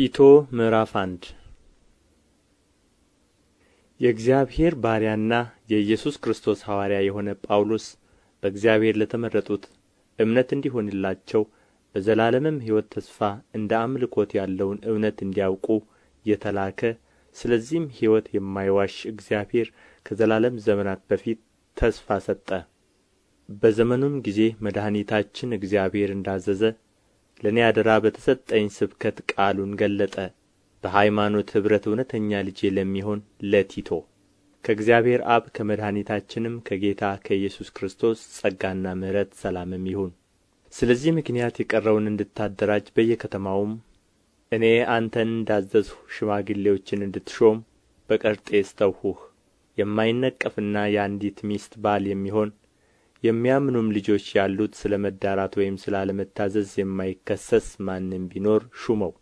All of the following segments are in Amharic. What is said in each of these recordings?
ቲቶ ምዕራፍ አንድ የእግዚአብሔር ባሪያና የኢየሱስ ክርስቶስ ሐዋርያ የሆነ ጳውሎስ በእግዚአብሔር ለተመረጡት እምነት እንዲሆንላቸው በዘላለምም ሕይወት ተስፋ እንደ አምልኮት ያለውን እውነት እንዲያውቁ የተላከ ስለዚህም ሕይወት የማይዋሽ እግዚአብሔር ከዘላለም ዘመናት በፊት ተስፋ ሰጠ። በዘመኑም ጊዜ መድኃኒታችን እግዚአብሔር እንዳዘዘ ለእኔ አደራ በተሰጠኝ ስብከት ቃሉን ገለጠ በሃይማኖት ኅብረት እውነተኛ ልጄ ለሚሆን ለቲቶ ከእግዚአብሔር አብ ከመድኃኒታችንም ከጌታ ከኢየሱስ ክርስቶስ ጸጋና ምሕረት ሰላምም ይሁን። ስለዚህ ምክንያት የቀረውን እንድታደራጅ በየከተማውም እኔ አንተን እንዳዘዝሁ ሽማግሌዎችን እንድትሾም በቀርጤስ ተውሁህ። የማይነቀፍና የአንዲት ሚስት ባል የሚሆን የሚያምኑም ልጆች ያሉት ስለ መዳራት ወይም ስለ አለመታዘዝ የማይከሰስ ማንም ቢኖር ሹመው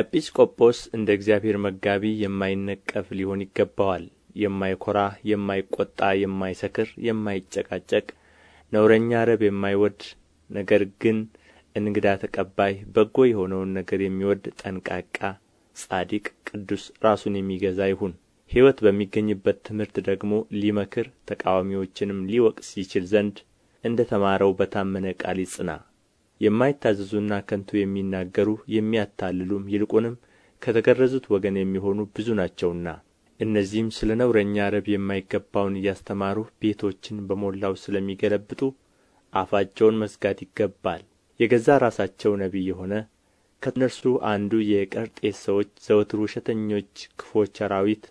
ኤጲስቆጶስ እንደ እግዚአብሔር መጋቢ የማይነቀፍ ሊሆን ይገባዋል። የማይኮራ፣ የማይቆጣ፣ የማይሰክር፣ የማይጨቃጨቅ፣ ነውረኛ ረብ የማይወድ ነገር ግን እንግዳ ተቀባይ፣ በጎ የሆነውን ነገር የሚወድ ጠንቃቃ፣ ጻድቅ፣ ቅዱስ፣ ራሱን የሚገዛ ይሁን። ሕይወት በሚገኝበት ትምህርት ደግሞ ሊመክር ተቃዋሚዎችንም ሊወቅስ ይችል ዘንድ እንደ ተማረው በታመነ ቃል ይጽና የማይታዘዙና ከንቱ የሚናገሩ የሚያታልሉም ይልቁንም ከተገረዙት ወገን የሚሆኑ ብዙ ናቸውና እነዚህም ስለ ነውረኛ ረብ የማይገባውን እያስተማሩ ቤቶችን በሞላው ስለሚገለብጡ አፋቸውን መዝጋት ይገባል። የገዛ ራሳቸው ነቢይ የሆነ ከእነርሱ አንዱ የቀርጤስ ሰዎች ዘወትር ውሸተኞች፣ ክፎች አራዊት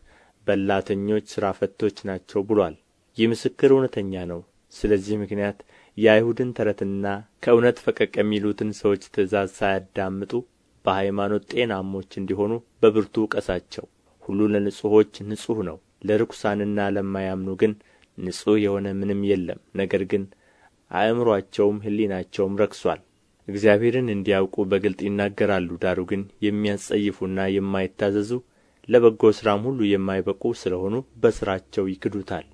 በላተኞች ሥራ ፈቶች ናቸው ብሎአል ይህ ምስክር እውነተኛ ነው ስለዚህ ምክንያት የአይሁድን ተረትና ከእውነት ፈቀቅ የሚሉትን ሰዎች ትእዛዝ ሳያዳምጡ በሃይማኖት ጤናሞች እንዲሆኑ በብርቱ ውቀሳቸው ሁሉ ለንጹሖች ንጹሕ ነው ለርኩሳንና ለማያምኑ ግን ንጹሕ የሆነ ምንም የለም ነገር ግን አእምሮአቸውም ሕሊናቸውም ረክሷል። እግዚአብሔርን እንዲያውቁ በግልጥ ይናገራሉ ዳሩ ግን የሚያስጸይፉና የማይታዘዙ ለበጎ ሥራም ሁሉ የማይበቁ ስለ ሆኑ በሥራቸው ይክዱታል